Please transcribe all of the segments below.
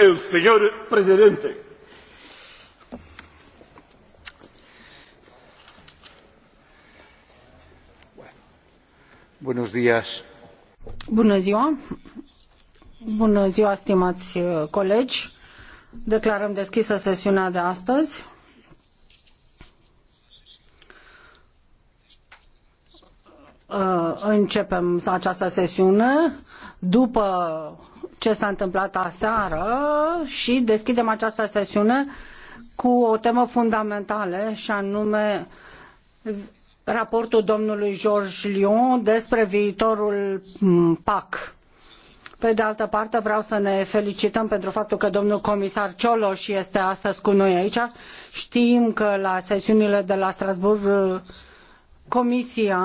el señor presidente. Buenos días. Bună ziua. Bună ziua, stimați uh, colegi. Declarăm deschisă sesiunea de astăzi. Uh, începem această sesiune după ce s-a întâmplat aseară și deschidem această sesiune cu o temă fundamentală și anume raportul domnului Georges Lyon despre viitorul PAC. Pe de altă parte, vreau să ne felicităm pentru faptul că domnul comisar Cioloș este astăzi cu noi aici. Știm că la sesiunile de la Strasbourg Comisia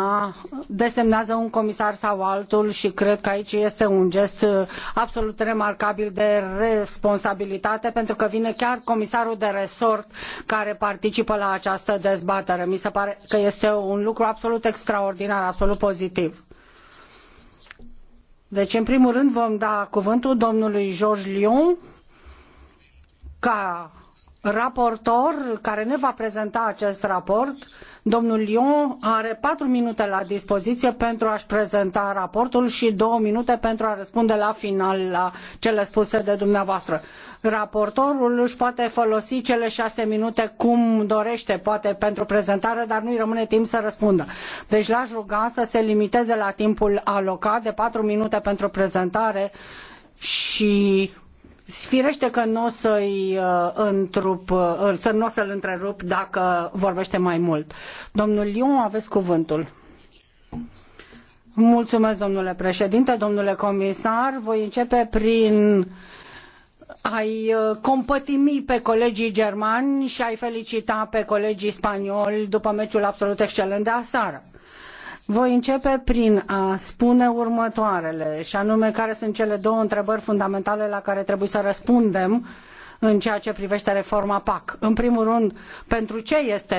desemnează un comisar sau altul și cred că aici este un gest absolut remarcabil de responsabilitate pentru că vine chiar comisarul de resort care participă la această dezbatere. Mi se pare că este un lucru absolut extraordinar, absolut pozitiv. Deci, în primul rând, vom da cuvântul domnului Georges Lyon ca raportor care ne va prezenta acest raport. Domnul Lyon are patru minute la dispoziție pentru a-și prezenta raportul și două minute pentru a răspunde la final la cele spuse de dumneavoastră. Raportorul își poate folosi cele șase minute cum dorește, poate pentru prezentare, dar nu-i rămâne timp să răspundă. Deci l-aș ruga să se limiteze la timpul alocat de patru minute pentru prezentare și Firește că nu o să-i uh, întrup, uh, să nu o să-l întrerup dacă vorbește mai mult. Domnul Liu, aveți cuvântul. Mulțumesc, domnule președinte, domnule comisar. Voi începe prin ai uh, compătimi pe colegii germani și ai felicita pe colegii spanioli după meciul absolut excelent de aseară voi începe prin a spune următoarele, și anume care sunt cele două întrebări fundamentale la care trebuie să răspundem în ceea ce privește reforma PAC. În primul rând, pentru ce este